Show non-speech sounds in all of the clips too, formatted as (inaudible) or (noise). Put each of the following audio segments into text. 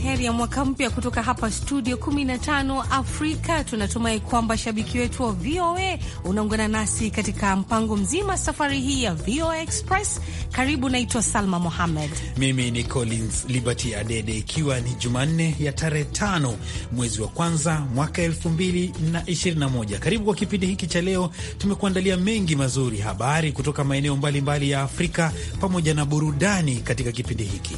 heri ya mwaka mpya kutoka hapa studio 15 Afrika. Tunatumai kwamba shabiki wetu wa VOA unaungana nasi katika mpango mzima safari hii ya VOA Express. Karibu, naitwa Salma Mohamed, mimi ni Collins Liberty Adede, ikiwa ni Jumanne ya tarehe tano mwezi wa kwanza mwaka 2021. Karibu kwa kipindi hiki cha leo, tumekuandalia mengi mazuri, habari kutoka maeneo mbalimbali ya Afrika pamoja na burudani katika kipindi hiki.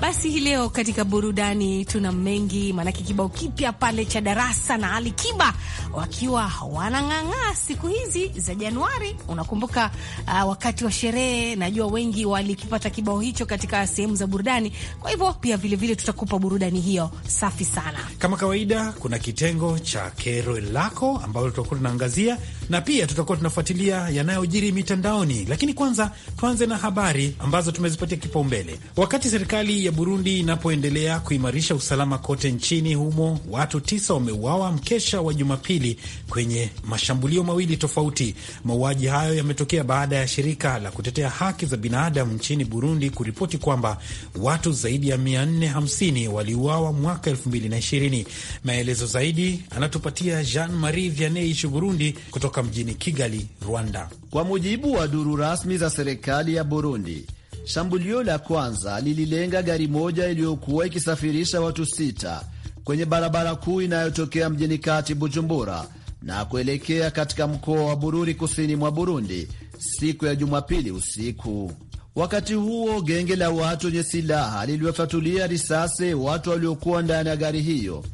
Basi hii leo katika burudani tuna mengi, maanake kibao kipya pale cha Darasa na Ali Kiba wakiwa wanang'ang'aa siku hizi za Januari. Unakumbuka uh, wakati wa sherehe, najua wengi walikipata kibao hicho katika sehemu za burudani. Kwa hivyo pia vilevile tutakupa burudani hiyo safi sana. Kama kawaida, kuna kitengo cha kero lako ambalo tutakuwa tunaangazia na pia tutakuwa tunafuatilia yanayojiri mitandaoni, lakini kwanza tuanze na habari ambazo tumezipatia kipaumbele. Wakati serikali ya Burundi inapoendelea kuimarisha usalama kote nchini humo, watu tisa wameuawa mkesha wa Jumapili kwenye mashambulio mawili tofauti. Mauaji hayo yametokea baada ya shirika la kutetea haki za binadamu nchini Burundi kuripoti kwamba watu zaidi ya 450 waliuawa mwaka 2020. Maelezo zaidi anatupatia Jean Marie Vianney Burundi kutoka mjini Kigali, Rwanda. Kwa mujibu wa duru rasmi za serikali ya Burundi Shambulio la kwanza lililenga gari moja iliyokuwa ikisafirisha watu sita kwenye barabara kuu inayotokea mjini kati Bujumbura na kuelekea katika mkoa wa Bururi kusini mwa Burundi siku ya Jumapili usiku. Wakati huo genge la watu wenye silaha liliwafyatulia risasi watu waliokuwa ndani ya gari hiyo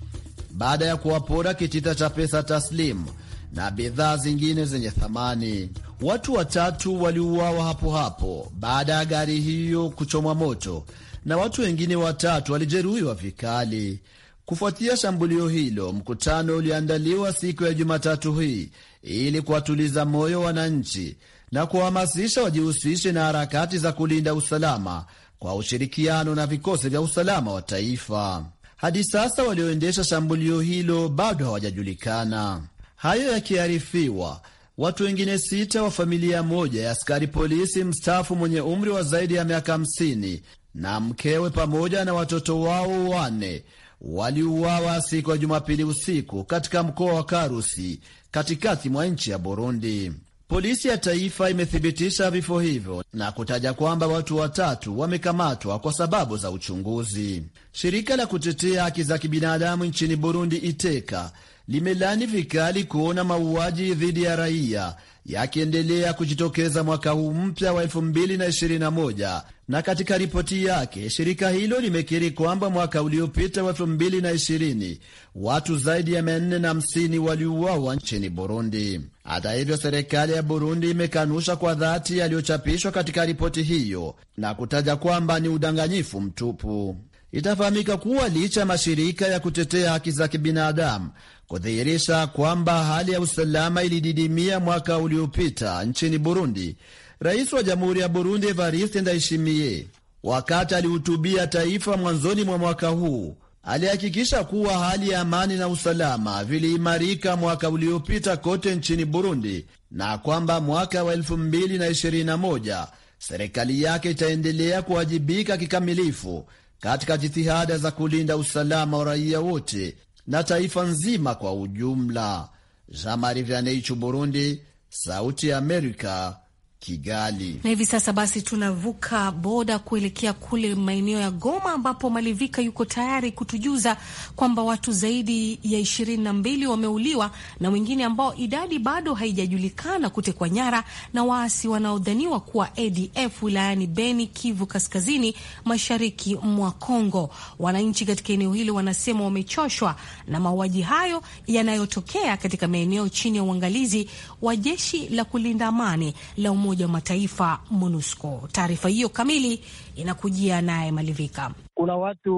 baada ya kuwapora kitita cha pesa taslimu na bidhaa zingine zenye thamani. Watu watatu waliuawa hapo hapo baada ya gari hiyo kuchomwa moto na watu wengine watatu walijeruhiwa vikali. Kufuatia shambulio hilo, mkutano uliandaliwa siku ya Jumatatu hii ili kuwatuliza moyo wananchi na kuwahamasisha wajihusishe na harakati za kulinda usalama kwa ushirikiano na vikosi vya usalama wa taifa. Hadi sasa walioendesha shambulio hilo bado hawajajulikana. Hayo yakiarifiwa Watu wengine sita wa familia moja ya askari polisi mstaafu mwenye umri wa zaidi ya miaka 50 na mkewe pamoja na watoto wao wane waliuawa siku ya Jumapili usiku katika mkoa wa Karusi katikati mwa nchi ya Burundi. Polisi ya taifa imethibitisha vifo hivyo na kutaja kwamba watu watatu wamekamatwa kwa sababu za uchunguzi. Shirika la kutetea haki za kibinadamu nchini Burundi, Iteka, limelani vikali kuona mauaji dhidi ya raia yakiendelea kujitokeza mwaka huu mpya wa 2021 na katika ripoti yake shirika hilo limekiri kwamba mwaka uliopita wa 2020 watu zaidi ya 450 waliuawa nchini Burundi. Hata hivyo, serikali ya Burundi imekanusha kwa dhati yaliyochapishwa katika ripoti hiyo na kutaja kwamba ni udanganyifu mtupu. Itafahamika kuwa licha ya mashirika ya kutetea haki za kibinadamu kudhihirisha kwamba hali ya usalama ilididimia mwaka uliopita nchini Burundi, rais wa jamhuri ya Burundi Evariste Ndayishimiye, wakati alihutubia taifa mwanzoni mwa mwaka huu, alihakikisha kuwa hali ya amani na usalama viliimarika mwaka uliopita kote nchini Burundi na kwamba mwaka wa 2021 serikali yake itaendelea kuwajibika kikamilifu katika jitihada za kulinda usalama wa raia wote na taifa nzima kwa ujumla. Jean Marie Vianney, Burundi, Sauti ya Amerika, Kigali. Na hivi sasa basi tunavuka boda kuelekea kule maeneo ya Goma ambapo Malivika yuko tayari kutujuza kwamba watu zaidi ya ishirini na mbili wameuliwa na wengine ambao idadi bado haijajulikana kutekwa nyara na waasi wanaodhaniwa kuwa ADF wilayani Beni, Kivu Kaskazini, mashariki mwa Congo. Wananchi katika eneo hilo wanasema wamechoshwa na mauaji hayo yanayotokea katika maeneo chini ya uangalizi wa jeshi la kulinda amani la Umoja wa Mataifa MONUSCO. Taarifa hiyo kamili inakujia naye Malivika. Kuna watu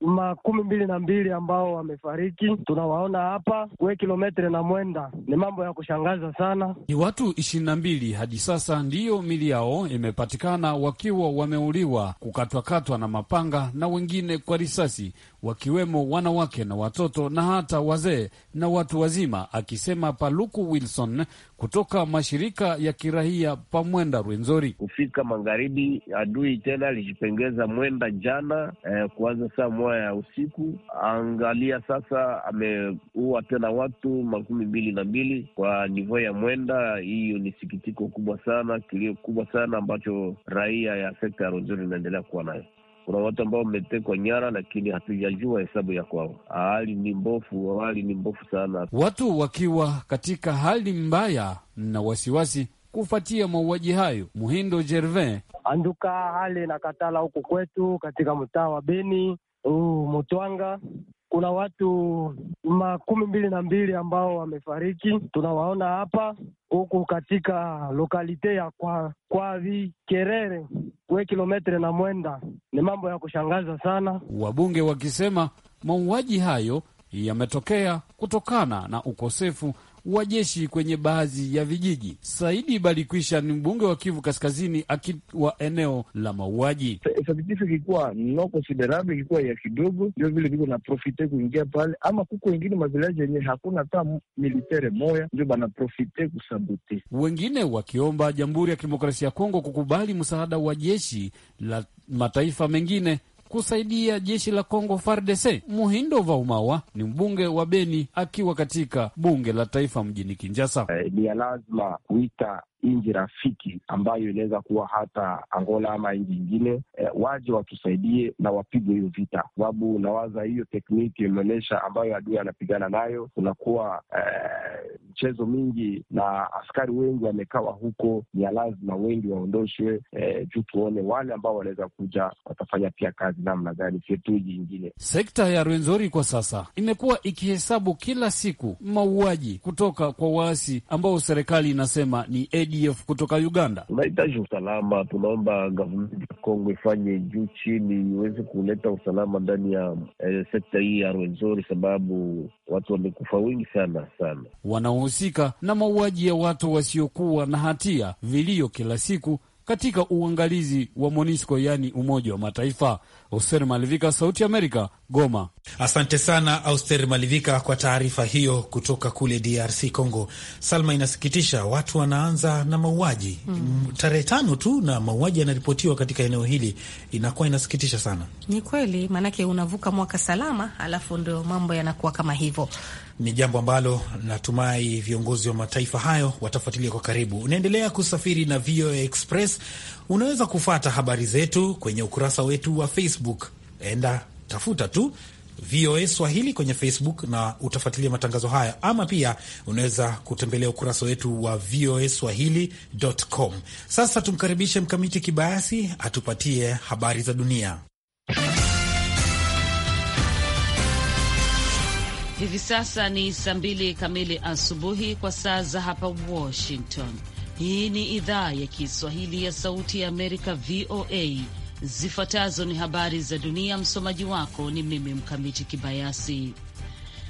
makumi mbili na mbili ambao wamefariki, tunawaona hapa we kilometre na mwenda. Ni mambo ya kushangaza sana. Ni watu ishirini na mbili hadi sasa ndiyo mili yao imepatikana wakiwa wameuliwa, kukatwakatwa na mapanga na wengine kwa risasi, wakiwemo wanawake na watoto na hata wazee na watu wazima, akisema Paluku Wilson kutoka mashirika ya kirahia pamwenda Rwenzori. Kufika magharibi, adui tena alijipengeza Mwenda jana eh, kuanza saa moya ya usiku. Angalia sasa, ameua tena watu makumi mbili na mbili kwa nivo ya Mwenda. Hiyo ni sikitiko kubwa sana, kilio kubwa sana ambacho raia ya sekta ya Rwenzori inaendelea kuwa nayo. Kuna watu ambao wametekwa nyara, lakini hatujajua hesabu ya kwao. Hali ni mbofu, hali ni mbofu sana, watu wakiwa katika hali mbaya na wasiwasi kufuatia mauaji hayo. Muhindo Gervin anduka hali na katala huku kwetu katika mtaa wa Beni huu uh, Mutwanga kuna watu makumi mbili na mbili ambao wamefariki, tunawaona hapa huku katika lokalite ya kwa Kerere we kilometre na mwenda. Ni mambo ya kushangaza sana, wabunge wakisema mauaji hayo yametokea kutokana na ukosefu wa jeshi kwenye baadhi ya vijiji. Saidi Balikwisha ni mbunge wa Kivu Kaskazini akiwa eneo la mauaji. Satifika ikikuwa no considerable, ikikuwa ya kidogo, ndio vile viko na profite kuingia pale, ama kuko wengine mavilaji yenye hakuna hata militere moya, ndio banaprofite kusabote. Wengine wakiomba Jamhuri ya Kidemokrasia ya Kongo kukubali msaada wa jeshi la mataifa mengine kusaidia jeshi la Kongo FARDC. Muhindo Vaumawa ni mbunge wa Beni akiwa katika bunge la taifa mjini Kinjasa. Eh, ni ya lazima kuita nchi rafiki ambayo inaweza kuwa hata Angola ama nchi ingine e, eh, waje watusaidie na wapigwe hiyo vita, sababu nawaza hiyo tekniki imeonyesha ambayo adui anapigana nayo. Kunakuwa eh, mchezo e, mingi na askari wengi wamekawa huko, ni lazima wengi waondoshwe e, juu tuone wale ambao wanaweza kuja watafanya pia kazi namna gani, sio tu nchi ingine. Sekta ya Rwenzori kwa sasa imekuwa ikihesabu kila siku mauaji kutoka kwa waasi ambao serikali inasema ni edi. ADF kutoka Uganda. Tunahitaji usalama, tunaomba gavumenti ya Kongo ifanye juu chini iweze kuleta usalama ndani ya eh, sekta hii ya Rwenzori, sababu watu wamekufa wengi sana sana, wanaohusika na mauaji ya watu wasiokuwa na hatia, vilio kila siku katika uangalizi wa MONUSCO, yaani Umoja wa Mataifa oster Malivika, Sauti Amerika, Goma. Asante sana Auster Malivika kwa taarifa hiyo kutoka kule DRC Congo. Salma, inasikitisha watu wanaanza na mauaji mm. tarehe tano tu na mauaji yanaripotiwa katika eneo hili, inakuwa inasikitisha sana. Ni kweli, maanake unavuka mwaka salama, alafu ndio mambo yanakuwa kama hivyo. Ni jambo ambalo natumai viongozi wa mataifa hayo watafuatilia kwa karibu. Unaendelea kusafiri na VOA Express Unaweza kufata habari zetu kwenye ukurasa wetu wa Facebook, enda tafuta tu VOA Swahili kwenye Facebook na utafuatilia matangazo haya, ama pia unaweza kutembelea ukurasa wetu wa VOA Swahili.com. Sasa tumkaribishe Mkamiti Kibayasi atupatie habari za dunia. Hivi sasa ni saa mbili kamili asubuhi kwa saa za hapa Washington. Hii ni idhaa ya Kiswahili ya Sauti ya Amerika, VOA. Zifuatazo ni habari za dunia. Msomaji wako ni mimi Mkamiti Kibayasi.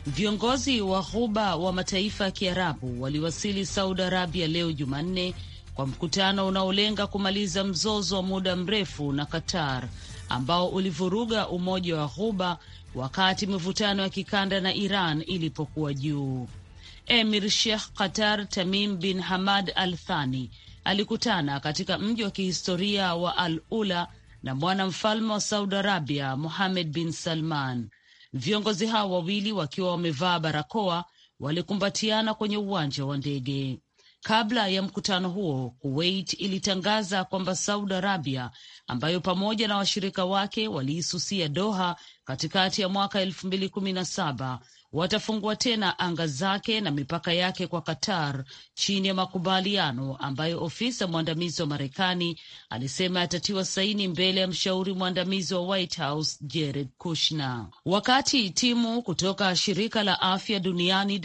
Viongozi wa Ghuba wa mataifa ya Kiarabu waliwasili Saudi Arabia leo Jumanne kwa mkutano unaolenga kumaliza mzozo wa muda mrefu na Qatar ambao ulivuruga umoja wa Ghuba wakati mivutano ya kikanda na Iran ilipokuwa juu. Emir Sheikh Qatar Tamim bin Hamad Al Thani alikutana katika mji wa kihistoria wa Al Ula na mwanamfalme wa Saudi Arabia muhamed bin Salman. Viongozi hao wawili wakiwa wamevaa barakoa walikumbatiana kwenye uwanja wa ndege. Kabla ya mkutano huo, Kuwait ilitangaza kwamba Saudi Arabia, ambayo pamoja na washirika wake waliisusia Doha katikati ya mwaka elfu mbili kumi na saba watafungua tena anga zake na mipaka yake kwa Qatar chini ya makubaliano ambayo ofisa mwandamizi wa Marekani alisema yatatiwa saini mbele ya mshauri mwandamizi wa White House Jared Kushner, wakati timu kutoka shirika la afya duniani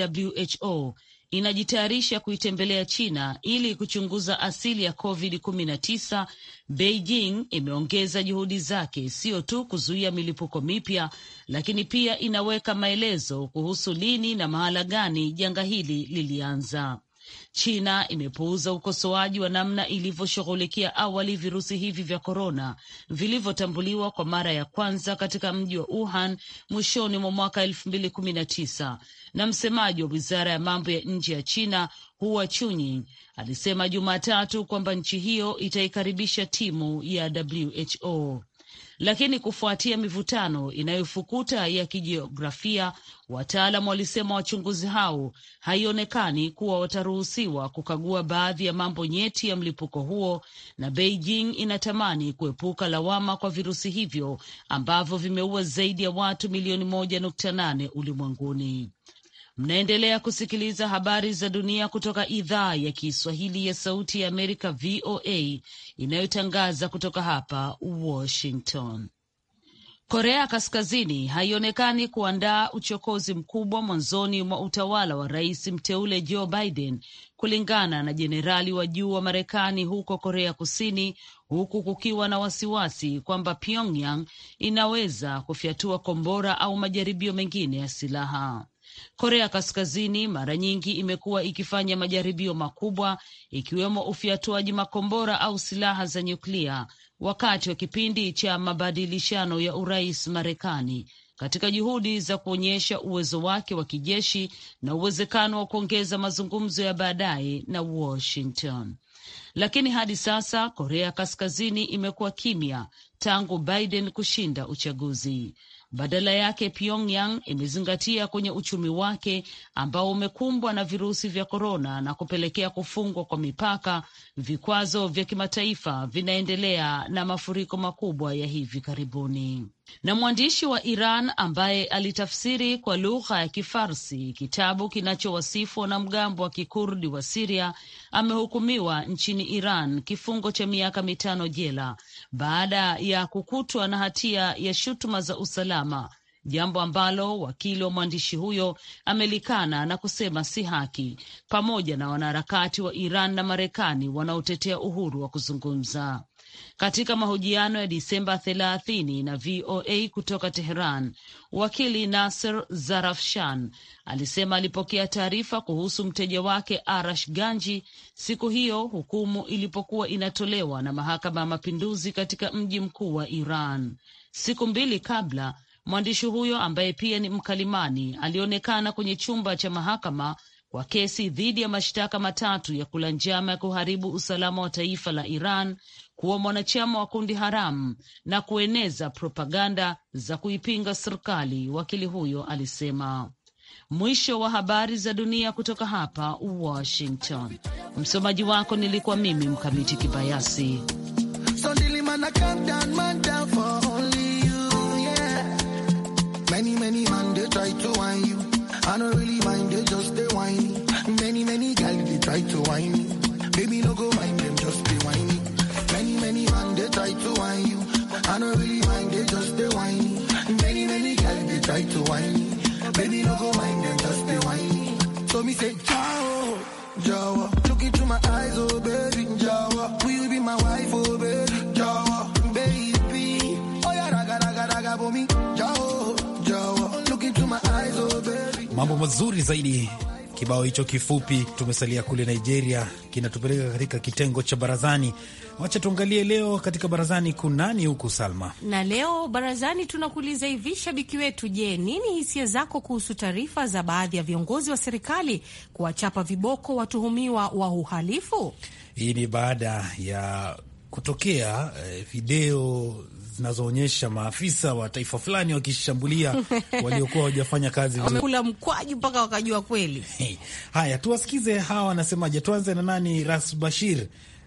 WHO inajitayarisha kuitembelea China ili kuchunguza asili ya COVID-19, Beijing imeongeza juhudi zake sio tu kuzuia milipuko mipya, lakini pia inaweka maelezo kuhusu lini na mahala gani janga hili lilianza. China imepuuza ukosoaji wa namna ilivyoshughulikia awali virusi hivi vya korona vilivyotambuliwa kwa mara ya kwanza katika mji wa Wuhan mwishoni mwa mwaka elfu mbili kumi na tisa na msemaji wa wizara ya mambo ya nje ya China Hua Chunying alisema Jumatatu kwamba nchi hiyo itaikaribisha timu ya WHO lakini kufuatia mivutano inayofukuta ya kijiografia, wataalam walisema wachunguzi hao haionekani kuwa wataruhusiwa kukagua baadhi ya mambo nyeti ya mlipuko huo, na Beijing inatamani kuepuka lawama kwa virusi hivyo ambavyo vimeua zaidi ya watu milioni moja nukta nane ulimwenguni. Mnaendelea kusikiliza habari za dunia kutoka idhaa ya Kiswahili ya Sauti ya Amerika, VOA, inayotangaza kutoka hapa Washington. Korea Kaskazini haionekani kuandaa uchokozi mkubwa mwanzoni mwa utawala wa rais mteule Joe Biden, kulingana na jenerali wa juu wa Marekani huko Korea Kusini, huku kukiwa na wasiwasi kwamba Pyongyang inaweza kufyatua kombora au majaribio mengine ya silaha. Korea Kaskazini mara nyingi imekuwa ikifanya majaribio makubwa ikiwemo ufyatuaji makombora au silaha za nyuklia wakati wa kipindi cha mabadilishano ya urais Marekani, katika juhudi za kuonyesha uwezo wake wa kijeshi na uwezekano wa kuongeza mazungumzo ya baadaye na Washington. Lakini hadi sasa Korea Kaskazini imekuwa kimya tangu Biden kushinda uchaguzi. Badala yake Pyongyang imezingatia kwenye uchumi wake ambao umekumbwa na virusi vya korona na kupelekea kufungwa kwa mipaka, vikwazo vya kimataifa vinaendelea na mafuriko makubwa ya hivi karibuni na mwandishi wa Iran ambaye alitafsiri kwa lugha ya Kifarsi kitabu kinachowasifu mgambo wa Kikurdi wa Siria amehukumiwa nchini Iran kifungo cha miaka mitano jela baada ya kukutwa na hatia ya shutuma za usalama, jambo ambalo wakili wa mwandishi huyo amelikana na kusema si haki, pamoja na wanaharakati wa Iran na Marekani wanaotetea uhuru wa kuzungumza. Katika mahojiano ya Disemba thelathini na VOA kutoka Teheran, wakili Nasser Zarafshan alisema alipokea taarifa kuhusu mteja wake Arash Ganji siku hiyo hukumu ilipokuwa inatolewa na mahakama ya mapinduzi katika mji mkuu wa Iran. Siku mbili kabla, mwandishi huyo ambaye pia ni mkalimani alionekana kwenye chumba cha mahakama kwa kesi dhidi ya mashtaka matatu ya kula njama ya kuharibu usalama wa taifa la Iran, kuwa mwanachama wa kundi haramu na kueneza propaganda za kuipinga serikali, wakili huyo alisema. Mwisho wa habari za dunia kutoka hapa Washington. Msomaji wako nilikuwa mimi Mkamiti Kibayasi. So Many, many man, they try to whine you. I don't really mind, they just they whine. Many, many guys, they try to whine. Baby, no go mind them, just they whine. So me say, Jawa, Jawa. Look into my eyes, oh baby, Jawa. Will you be my wife, oh baby, Jawa? Baby, oh yeah, raga, raga, raga, for me, Jawa, Jawa. Look into my eyes, oh baby. Mambo mazuri zaidi Kibao hicho kifupi. Tumesalia kule Nigeria, kinatupeleka katika kitengo cha barazani. Wacha tuangalie leo katika barazani kunani huku, Salma? Na leo barazani tunakuuliza hivi, shabiki wetu, je, nini hisia zako kuhusu taarifa za baadhi ya viongozi wa serikali kuwachapa viboko watuhumiwa wa uhalifu? Hii ni baada ya kutokea eh, video zinazoonyesha maafisa wa taifa fulani wakishambulia (laughs) waliokuwa hawajafanya kazi wamekula mkwaju mpaka wakajua kweli. Haya, tuwasikize hawa wanasemaje. Tuanze na nani? Ras Bashir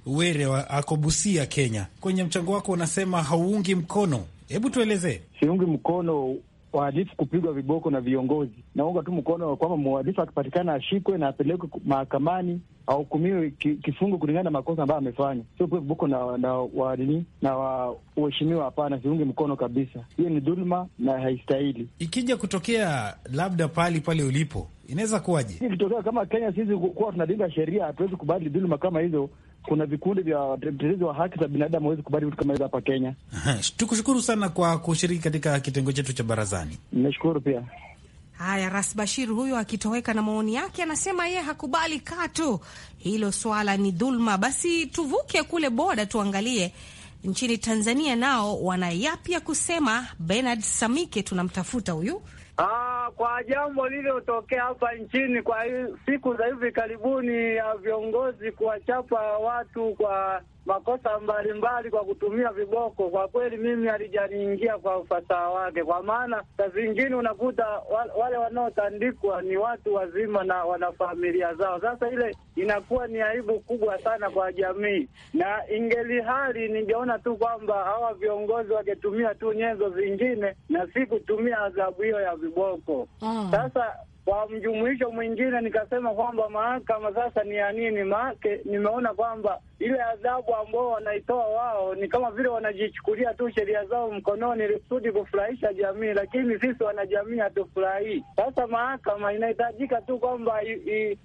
Were wa Akobusia, Kenya. Kwenye mchango wako unasema hauungi mkono, hebu tuelezee. Siungi mkono wahalifu kupigwa viboko na viongozi. Naunga tu mkono kwamba mhalifu akipatikana ashikwe na apelekwe mahakamani, ahukumiwe kifungo kulingana na makosa ambayo amefanya, sio pia viboko na na na waheshimiwa. Hapana, siungi mkono kabisa. Hiyo ni dhuluma na haistahili. Ikija kutokea labda pali pale ulipo, inaweza kuwaje ikitokea kama Kenya? Sisi kuwa tunadinga sheria, hatuwezi kubadili dhuluma kama hizo kuna vikundi vya watetezi wa haki za binadamu wawezi kubali vitu kama hizo hapa Kenya. Tukushukuru sana kwa kushiriki katika kitengo chetu cha barazani. Nashukuru pia. Haya, Ras Bashir huyo akitoweka na maoni yake, anasema yeye hakubali katu hilo swala, ni dhulma. Basi tuvuke kule boda, tuangalie nchini Tanzania nao wana yapi ya kusema. Bernard Samike tunamtafuta huyu Aa, ah, kwa jambo lililotokea hapa nchini kwa siku za hivi karibuni ya viongozi kuwachapa watu kwa makosa mbalimbali mbali kwa kutumia viboko. Kwa kweli mimi alijaniingia kwa ufasaha wake, kwa maana saa zingine unakuta wale wanaotandikwa ni watu wazima na wana familia zao. Sasa ile inakuwa ni aibu kubwa sana kwa jamii, na ingeli hali ningeona tu kwamba hawa viongozi wangetumia tu nyenzo zingine na si kutumia adhabu hiyo ya viboko. Mm. Sasa kwa mjumuisho mwingine nikasema kwamba mahakama sasa ni ya nini? Maake nimeona kwamba ile adhabu ambao wanaitoa wao ni kama vile wanajichukulia tu sheria zao mkononi ili kusudi kufurahisha jamii, lakini sisi wanajamii hatufurahii. Sasa mahakama inahitajika tu kwamba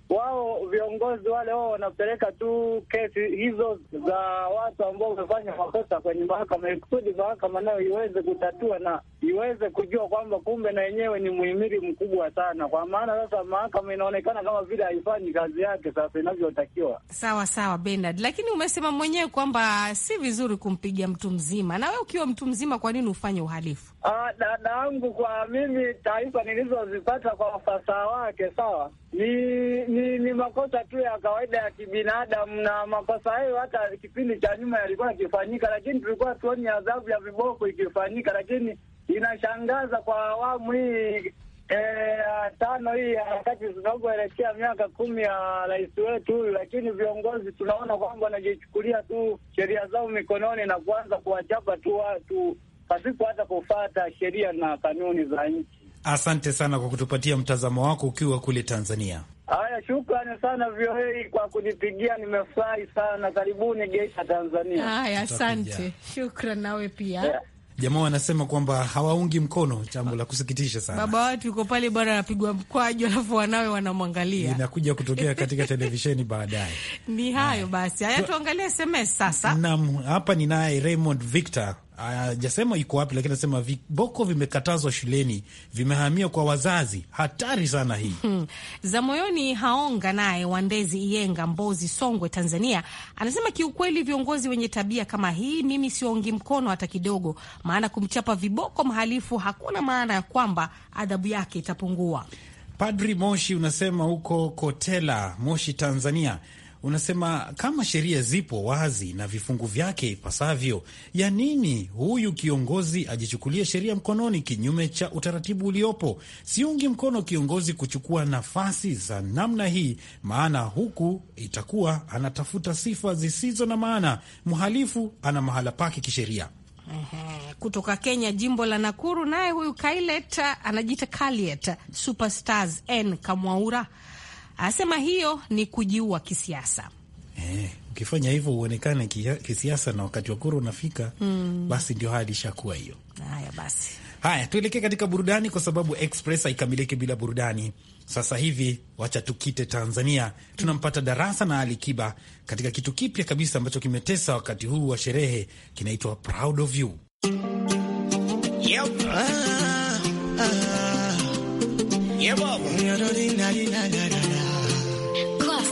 wao viongozi wale wao wanapeleka tu kesi hizo za watu ambao wamefanya makosa kwenye mahakama ili kusudi mahakama nayo iweze kutatua na iweze kujua kwamba kumbe na yenyewe ni muhimili mkubwa sana, kwa maana sasa mahakama inaonekana kama vile haifanyi kazi yake sasa inavyotakiwa. Sawa sawa, Bernard, lakini lakini umesema mwenyewe kwamba si vizuri kumpiga mtu mzima, na we ukiwa mtu mzima, kwa nini ufanye uhalifu? Ah, dada yangu, kwa mimi taarifa nilizozipata kwa ufasaha wake, sawa, ni ni, ni makosa tu ya kawaida ya kibinadamu, na makosa hayo hata kipindi cha nyuma yalikuwa yakifanyika, lakini tulikuwa tuoni adhabu ya viboko ikifanyika, lakini inashangaza kwa awamu hii Eh, tano hii harakati zinazoelekea miaka kumi ya rais wetu huyu, lakini viongozi tunaona kwamba wanajichukulia tu sheria zao mikononi na kuanza kuwachapa tu watu pasipo hata kufata sheria na kanuni za nchi. Asante sana kwa kutupatia mtazamo wako ukiwa kule Tanzania. Haya, shukrani sana viohei kwa kunipigia, nimefurahi sana. Karibuni Geita, Tanzania. Haya, asante, shukran nawe pia yeah. Jamaa wanasema kwamba hawaungi mkono, jambo la kusikitisha sana. Baba watu yuko pale bwana, anapigwa mkwaju, alafu wanawe wanamwangalia. Inakuja kutokea (laughs) katika televisheni baadaye. Ni hayo basi, haya tuangalie SMS sasa. Naam, hapa ninaye Raymond Victor hajasema iko wapi, lakini anasema viboko vimekatazwa shuleni, vimehamia kwa wazazi. Hatari sana hii. Hmm. za moyoni haonga naye Wandezi Iyenga, Mbozi, Songwe, Tanzania, anasema kiukweli, viongozi wenye tabia kama hii mimi siwaungi mkono hata kidogo, maana kumchapa viboko mhalifu hakuna maana ya kwamba adhabu yake itapungua. Padri Moshi unasema huko Kotela, Moshi, Tanzania unasema kama sheria zipo wazi na vifungu vyake ipasavyo, ya nini huyu kiongozi ajichukulie sheria mkononi kinyume cha utaratibu uliopo? Siungi mkono kiongozi kuchukua nafasi za namna hii, maana huku itakuwa anatafuta sifa zisizo na maana. Mhalifu ana mahala pake kisheria. Kutoka Kenya, jimbo la Nakuru, naye huyu Kailet anajiita Kaliet Superstars N Kamwaura Asema hiyo ni kujiua kisiasa. Eh, ukifanya hivyo uonekane kisiasa na wakati wa kura unafika, mm. Basi ndio hali ishakuwa hiyo. Haya basi, haya tuelekee katika burudani, kwa sababu Express haikamiliki bila burudani. Sasa hivi wacha tukite Tanzania, tunampata Darasa na Ali Kiba katika kitu kipya kabisa ambacho kimetesa wakati huu wa sherehe, kinaitwa Proud of You. Yep. Ah, ah. Yep,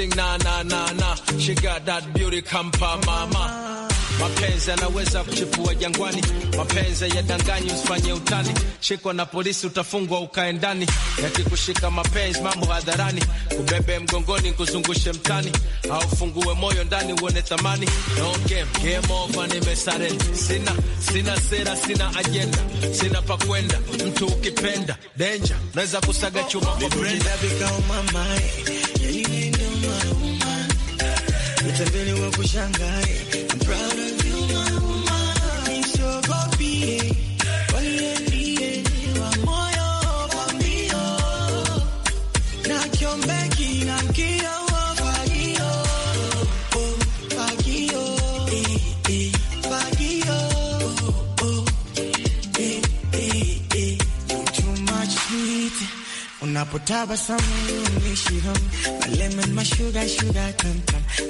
sing na na na na, she got that beauty kampa mama. Mapenzi anaweza kuchipua jangwani, mapenzi ya danganyi usifanye utani, shikwa na polisi utafungwa ukae ndani. Yakikushika mapenzi mambo hadharani, kubebe mgongoni kuzungushe mtani, au fungue moyo ndani uone thamani. No game, game over, nimesare. Sina sina sera, sina ajenda, sina pa kwenda. Mtu ukipenda danger, naweza kusaga chuma kwa brenda. Mtembele wa kushangae I'm proud lemon my sugar sugar tam tam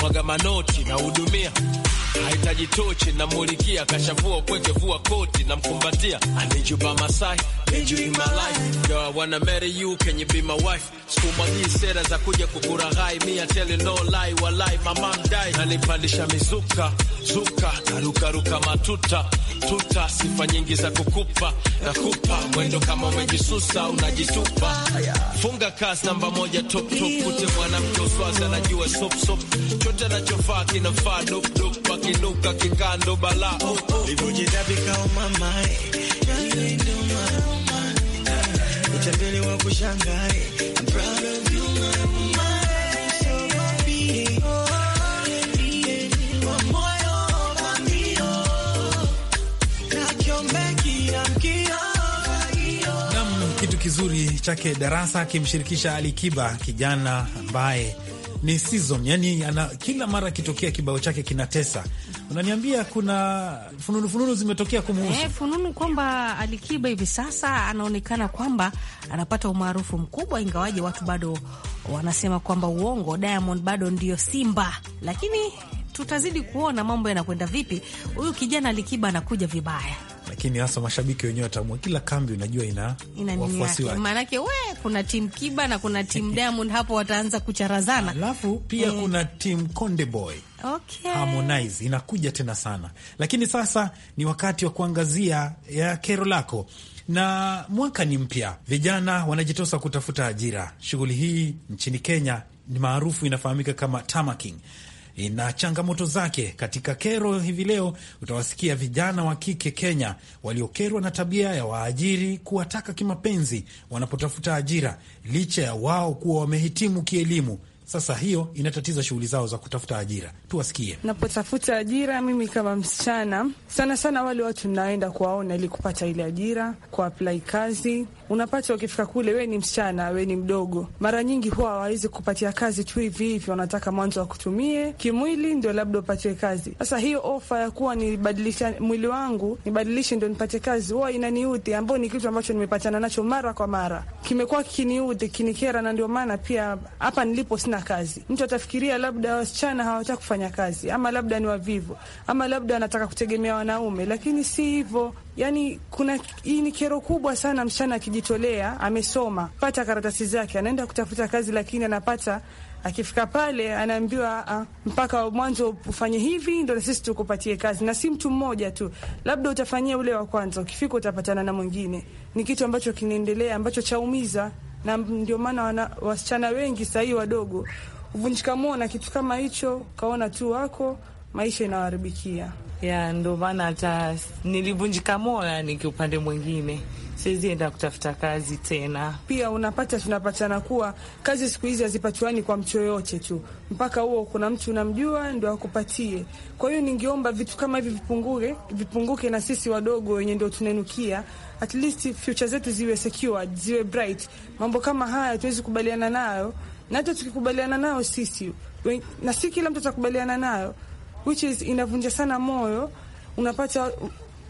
mwaga manoti na hudumia Haitaji tochi na mulikia, kashavua kweke, vua koti na mkumbatia, anijuba Masai Yo, I wanna marry you, can you be my wife? hii sera za kuja kukura hai me I tell you no lie, walai mom mdai, nalipandisha mizuka zuka, naruka ruka matuta tuta, sifa nyingi za kukupa na kupa mwendo, kama umejisusa unajitupa, funga kasi namba moja top top, kute mwanamke uswazi anajua sop sop chochote anachofaa kinafaa, dopdop akinuka kikando bala oh, oh. utapeli wa kushangae nam kitu kizuri chake Darasa akimshirikisha Alikiba kijana ambaye ni season, yani ana, kila mara akitokea kibao chake kinatesa. Unaniambia kuna fununu fununu zimetokea kumuhusu eh, fununu kwamba Alikiba hivi sasa anaonekana kwamba anapata umaarufu mkubwa, ingawaje watu bado wanasema kwamba uongo, Diamond bado ndio simba, lakini tutazidi kuona mambo yanakwenda vipi. Huyu kijana Alikiba anakuja vibaya lakini hasa mashabiki wenyewe watamua. Kila kambi unajua ina, ina wafuasi wake, maanake we kuna timu Kiba na kuna timu (laughs) Diamond hapo wataanza kucharazana, alafu pia mm. kuna timu Konde Boy Okay. Harmonize inakuja tena sana, lakini sasa ni wakati wa kuangazia ya kero lako, na mwaka ni mpya, vijana wanajitosa kutafuta ajira. Shughuli hii nchini Kenya ni maarufu, inafahamika kama tamaking, ina changamoto zake. Katika kero hivi leo utawasikia vijana wa kike Kenya waliokerwa na tabia ya waajiri kuwataka kimapenzi wanapotafuta ajira licha ya wao kuwa wamehitimu kielimu. Sasa hiyo inatatiza shughuli zao za kutafuta ajira. Tuwasikie. Napotafuta ajira, mimi kama msichana, sana sana wale watu naenda kuwaona ili kupata ile ajira, kuaplai kazi. Unapata ukifika kule, we ni msichana, we ni mdogo, mara nyingi huwa hawawezi kupatia kazi tu hivi hivi, wanataka mwanzo wakutumie kimwili, ndio labda upatie kazi. Sasa hiyo ofa ya kuwa nibadilisha mwili wangu nibadilishe ndio nipate kazi, huwa inaniudhi, ambao ni kitu ambacho nimepatana nacho mara kwa mara, kimekuwa kiniudhi, kinikera, na ndio maana pia hapa nilipo sina kazi. Mtu atafikiria labda wasichana hawataki kufanya kazi, ama labda ni wavivu, ama labda anataka kutegemea wanaume, lakini si hivyo. Yani kuna hii ni kero kubwa sana. Msichana akijitolea, amesoma, pata karatasi zake, anaenda kutafuta kazi, lakini anapata akifika pale anaambiwa uh, mpaka mwanzo ufanye hivi ndo sisi tukupatie kazi, na si mtu mmoja tu, labda utafanyia ule wa kwanza, ukifika utapatana na mwingine. Ni kitu ambacho kinaendelea ambacho chaumiza na ndio maana wasichana wengi sahii wadogo uvunjika moo na kitu kama hicho, ukaona tu wako maisha inawaharibikia. Yeah, ndio maana hata nilivunjika moyo, yani kiupande mwingine siwezi enda kutafuta kazi tena. Pia unapata tunapatana kuwa kazi siku hizi hazipatiwani kwa mtu yoyote tu, mpaka huo kuna mtu unamjua ndo akupatie. Kwa hiyo ningeomba vitu kama hivi vipunguke, vipunguke na sisi wadogo wenye ndo tunainukia at least future zetu ziwe secured, ziwe bright. Mambo kama haya tuwezi kubaliana nayo, na hata tukikubaliana nayo sisi na si kila mtu atakubaliana nayo, which is inavunja sana moyo. Unapata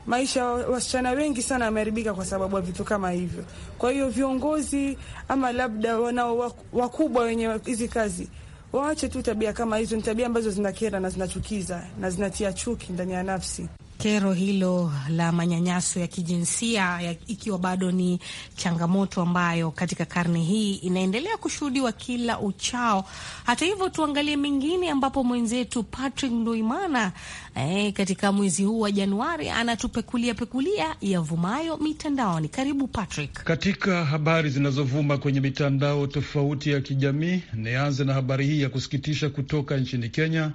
maisha wasichana wengi sana wameharibika kwa sababu ya vitu kama hivyo. Kwa hiyo viongozi ama labda wanao wakubwa wenye hizi kazi waache tu tabia kama hizo. Ni tabia ambazo zinakera na zinachukiza na zinatia chuki ndani ya nafsi kero hilo la manyanyaso ya kijinsia ya, ikiwa bado ni changamoto ambayo katika karne hii inaendelea kushuhudiwa kila uchao. Hata hivyo, tuangalie mengine ambapo mwenzetu Patrick Nduimana eh, katika mwezi huu wa Januari anatupekulia pekulia yavumayo mitandaoni. Karibu Patrick. Katika habari zinazovuma kwenye mitandao tofauti ya kijamii, nianze na habari hii ya kusikitisha kutoka nchini Kenya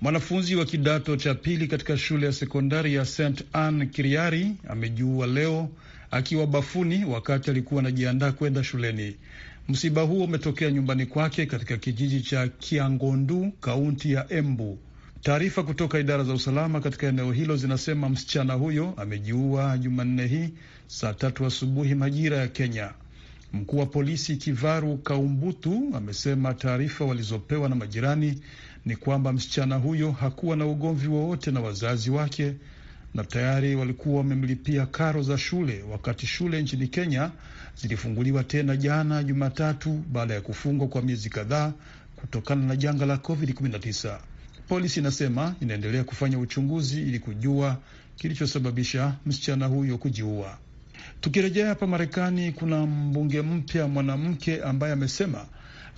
Mwanafunzi wa kidato cha pili katika shule ya sekondari ya St Anne Kiriari amejiua leo akiwa bafuni wakati alikuwa anajiandaa kwenda shuleni. Msiba huo umetokea nyumbani kwake katika kijiji cha Kiangondu, kaunti ya Embu. Taarifa kutoka idara za usalama katika eneo hilo zinasema msichana huyo amejiua Jumanne hii saa tatu asubuhi majira ya Kenya. Mkuu wa polisi Kivaru Kaumbutu amesema taarifa walizopewa na majirani ni kwamba msichana huyo hakuwa na ugomvi wowote na wazazi wake na tayari walikuwa wamemlipia karo za shule, wakati shule nchini Kenya zilifunguliwa tena jana Jumatatu baada ya kufungwa kwa miezi kadhaa kutokana na janga la COVID-19. Polisi inasema inaendelea kufanya uchunguzi ili kujua kilichosababisha msichana huyo kujiua. Tukirejea hapa Marekani, kuna mbunge mpya mwanamke ambaye amesema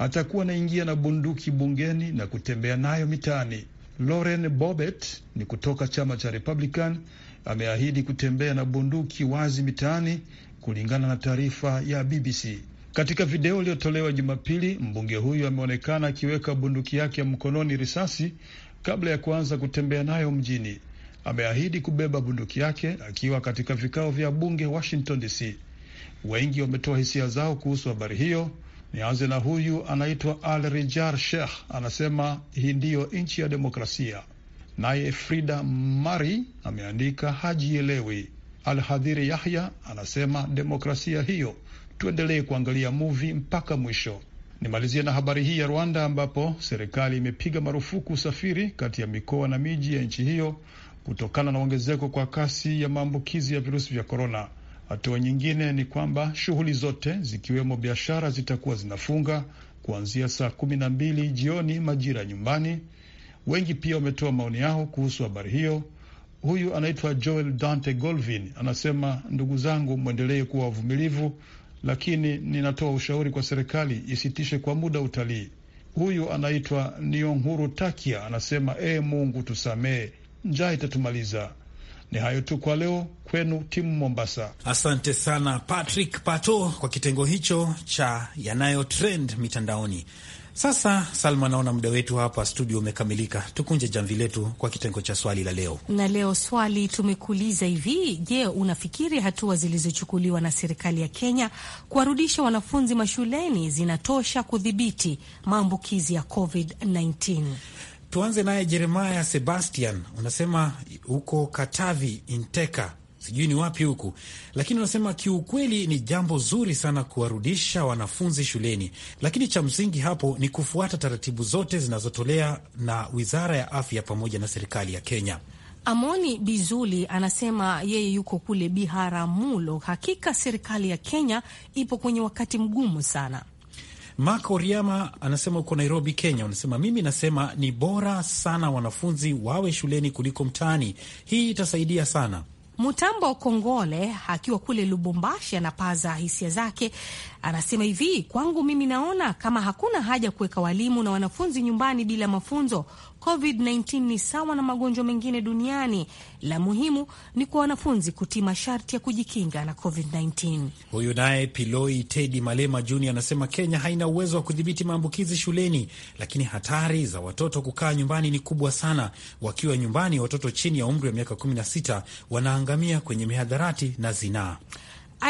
atakuwa anaingia na bunduki bungeni na kutembea nayo mitaani. Lauren bobet ni kutoka chama cha Republican, ameahidi kutembea na bunduki wazi mitaani, kulingana na taarifa ya BBC. Katika video iliyotolewa Jumapili, mbunge huyu ameonekana akiweka bunduki yake mkononi risasi kabla ya kuanza kutembea nayo mjini. Ameahidi kubeba bunduki yake akiwa katika vikao vya bunge Washington DC. Wengi wametoa hisia zao kuhusu habari hiyo, Nianze na huyu anaitwa Al Rijar Sheikh, anasema hii ndiyo nchi ya demokrasia. Naye Frida Mari ameandika hajielewi. Al Hadhiri Yahya anasema demokrasia hiyo, tuendelee kuangalia muvi mpaka mwisho. Nimalizie na habari hii ya Rwanda ambapo serikali imepiga marufuku usafiri kati ya mikoa na miji ya nchi hiyo kutokana na ongezeko kwa kasi ya maambukizi ya virusi vya korona. Hatua nyingine ni kwamba shughuli zote zikiwemo biashara zitakuwa zinafunga kuanzia saa kumi na mbili jioni majira ya nyumbani. Wengi pia wametoa maoni yao kuhusu habari hiyo. Huyu anaitwa Joel Dante Golvin, anasema ndugu zangu, mwendelee kuwa wavumilivu, lakini ninatoa ushauri kwa serikali isitishe kwa muda utalii. Huyu anaitwa Nionhuru Takia, anasema ee Mungu tusamee njaa itatumaliza ni hayo tu kwa leo kwenu timu Mombasa. Asante sana Patrick Pato kwa kitengo hicho cha yanayo trend mitandaoni. Sasa Salma, naona muda wetu hapa studio umekamilika. Tukunje jamvi letu kwa kitengo cha swali la leo, na leo swali tumekuuliza hivi: Je, unafikiri hatua zilizochukuliwa na serikali ya Kenya kuwarudisha wanafunzi mashuleni zinatosha kudhibiti maambukizi ya COVID-19? Tuanze naye Jeremaya Sebastian, unasema huko Katavi Inteka, sijui ni wapi huku, lakini unasema kiukweli ni jambo zuri sana kuwarudisha wanafunzi shuleni, lakini cha msingi hapo ni kufuata taratibu zote zinazotolea na Wizara ya Afya pamoja na serikali ya Kenya. Amoni Bizuli anasema yeye yuko kule Biharamulo. Hakika serikali ya Kenya ipo kwenye wakati mgumu sana. Marco Riama anasema uko Nairobi, Kenya. anasema mimi nasema ni bora sana wanafunzi wawe shuleni kuliko mtaani, hii itasaidia sana. Mutambo Kongole akiwa kule Lubumbashi anapaza hisia zake. Anasema hivi, kwangu mimi naona kama hakuna haja kuweka walimu na wanafunzi nyumbani bila mafunzo. COVID-19 ni sawa na magonjwa mengine duniani, la muhimu ni kwa wanafunzi kutii masharti ya kujikinga na COVID-19. Huyu naye Piloi Tedi Malema Junior anasema Kenya haina uwezo wa kudhibiti maambukizi shuleni, lakini hatari za watoto kukaa nyumbani ni kubwa sana. Wakiwa nyumbani, watoto chini ya umri wa miaka 16 wana wanaangamia kwenye mihadharati na zinaa.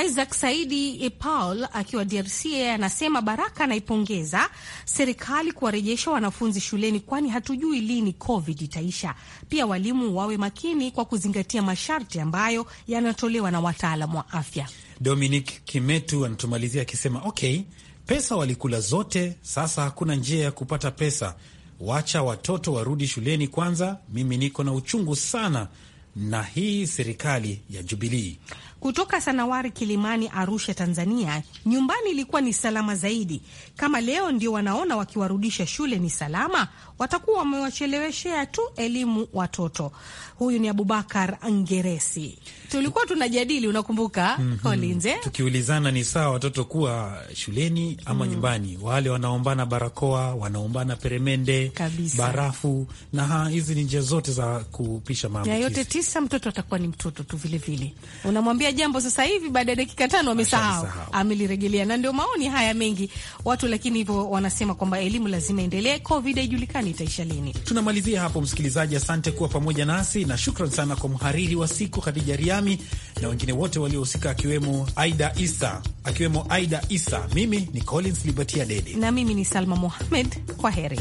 Isaac Saidi e. Paul akiwa DRC anasema Baraka anaipongeza serikali kuwarejesha wanafunzi shuleni, kwani hatujui lini COVID itaisha. Pia walimu wawe makini kwa kuzingatia masharti ambayo yanatolewa na wataalam wa afya. Dominic Kimetu anatumalizia akisema, ok, pesa walikula zote, sasa hakuna njia ya kupata pesa, wacha watoto warudi shuleni kwanza. Mimi niko na uchungu sana na hii serikali ya Jubilii kutoka Sanawari Kilimani, Arusha, Tanzania. Nyumbani ilikuwa ni salama zaidi. Kama leo ndio wanaona wakiwarudisha shule ni salama, watakuwa wamewacheleweshea tu elimu watoto. Huyu ni Abubakar Ngeresi. Tulikuwa tunajadili, unakumbuka mm -hmm. tukiulizana ni sawa watoto kuwa shuleni ama mm. nyumbani. Wale wanaombana barakoa, wanaombana peremende kabisa, barafu na hizi ni njia zote za kupisha maambukizi. Yote tisa, mtoto atakuwa ni mtoto tu vilevile, unamwambia jambo sasa hivi, baada ya dakika tano wamesahau, amelirejelea. Na ndio maoni haya mengi watu, lakini hivyo wanasema kwamba elimu lazima endelee. Covid haijulikani itaisha lini. Tunamalizia hapo, msikilizaji. Asante kuwa pamoja nasi na shukran sana kwa mhariri wa siku Khadija Riami na wengine wote waliohusika, akiwemo Aida Isa akiwemo Aida Isa. Mimi ni Collins Libertia Dede na mimi ni Salma Mohamed. Kwa heri.